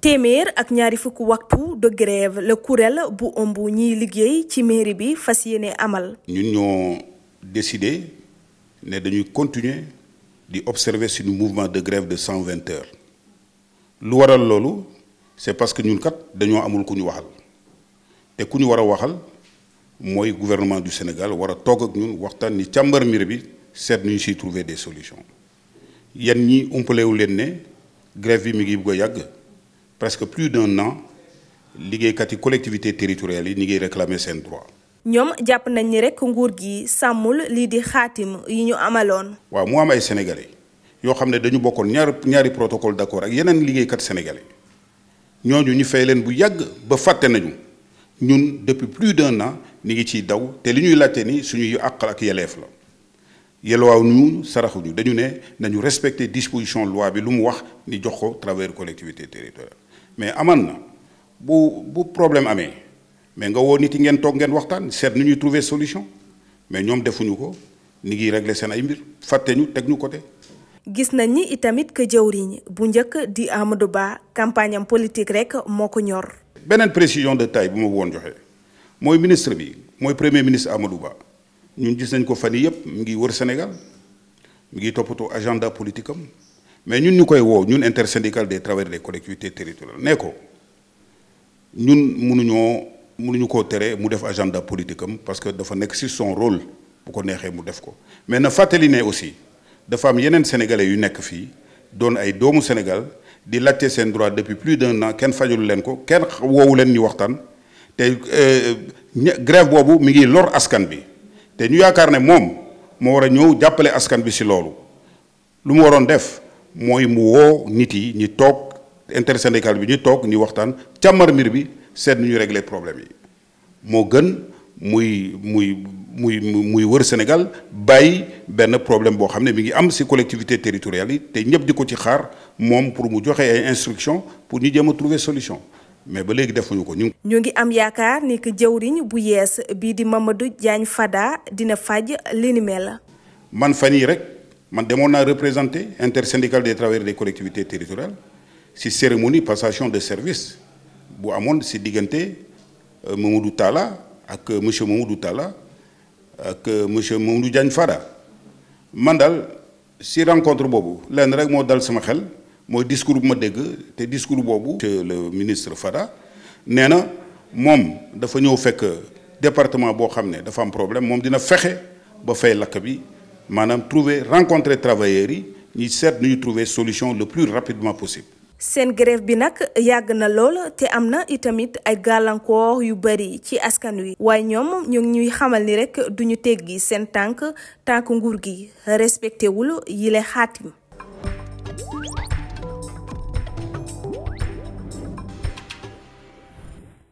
téeméer ak ñaari fukk waxtu de grève la kuréel bu ëmb ñiy liggéey ci mairie bi fas yéene amal. ñun ñoo décidé ne dañuy continuer di observer suñu mouvement de grève de cent vingt heures lu waral loolu c'est parce que ñun kat dañoo amul ku ñu waxal te ku ñu war a waxal mooy gouvernement du Sénégal war a toog ak ñun waxtaan ni càmbar mbir bi. seet nu ñu siy trouver des solutions yenn ñi umpalewu leen ne grève bi mi ngi bëgg a yàgg presque plus d'un an liggéeykat yi collectivité territoriales yi ñi ngi réclamer seen droit ñoom jàpp nañ ni rek nguur gi sàmmul lii di xaatim yi ñu amaloon waaw mu am ay sénégalais yoo xam ne dañu bokkoon ñaar ñaari protocole d'accord ak yeneen liggéeykat sénégalais ñooñu ñu fay leen bu yàgg ba fàtte nañu ñun depuis plus d'un an ni ngi ciy daw te li ñuy laajte ni suñu àq ak yeleef yelwaaw ñu saraxuñu dañu ne nañu respecter disposition loi bi lu mu wax ni jox ko travers collectivité territoriale mais aman na bu bu problème amee mais nga woo nit yi ngeen toog ngeen waxtaan seet nu ñuy trouver solution mais ñoom defuñu ko nit ngi régler seen ay mbir fàtte ñu teg ñu ko côté gis nañ ni itamit que jëwriñ bu njëkk di Amadou Ba campagne am rek moo ko ñor beneen précision de taille bu ma woon joxee mooy ministre bi mooy premier ministre Amadou Ba ñun gis nañ ko fan yii yëpp mu ngi wër Sénégal mu ngi toppatoo agenda politique am mais ñun ñu koy woo ñun intersyndical des traver des collectivités territoriales nee ko ñun mënuñoo mënuñu koo tere mu def agenda politique am parce que dafa nekk si son role bu ko neexee mu def ko mais na fàttali ne aussi dafa am yeneen sénégalais yu nekk fii doon ay doomu Sénégal di laajte seen droit depuis plus d'un an kenn fajul leen ko kenn woowu leen ñu waxtaan te euh, grève boobu mi ngi lor askan bi. te ñu yaakaar ne moom moo war a ñëw jàppale askan bi si loolu lu mu waroon def mooy mu woo nit yi ñi toog sénégal bi ñu toog ñu waxtaan càmmar mbir bi seet nu ñu régler problème yi moo gën muy muy muy muy wër Sénégal bàyyi benn problème boo xam ne mi ngi am si collectivité territoriales yi te ñëpp di ko ci xaar moom pour mu joxe ay instruction pour ñu jéem a trouver solution mais ba léegi defuñu ko ñu. ñu ngi am yaakaar ni que jëwriñ bu yees bii di Mamadou Diagne Fada dina faj li ni mel. man fan yii rek man demoon naa représenté intersyndicale des travailleurs des collectivités territoriales ci cérémonie passation de service bu amoon si diggante euh, Mamadou Talla ak euh, monsieur Mamadou Talla ak euh, monsieur Mamadou Diagne Fada man daal ci rencontre boobu lenn rek moo dal sama xel. mooy discours bu ma dégg te discours boobu. monsieur le ministre Fada nee na moom dafa ñëw fekk département boo xam ne dafa am problème moom dina fexe ba fay lakk bi maanaam trouver rencontrer travailleurs yi ñuy seet nu trouver solution le plus rapidement possible. seen grève bi nag yàgg na lool te am na itamit ay gàllankoor yu bari ci askan wi waaye ñoom ñu ngi ñuy xamal ni rek duñu teggi seen tànk tànk nguur gi respecté wul yile xaatim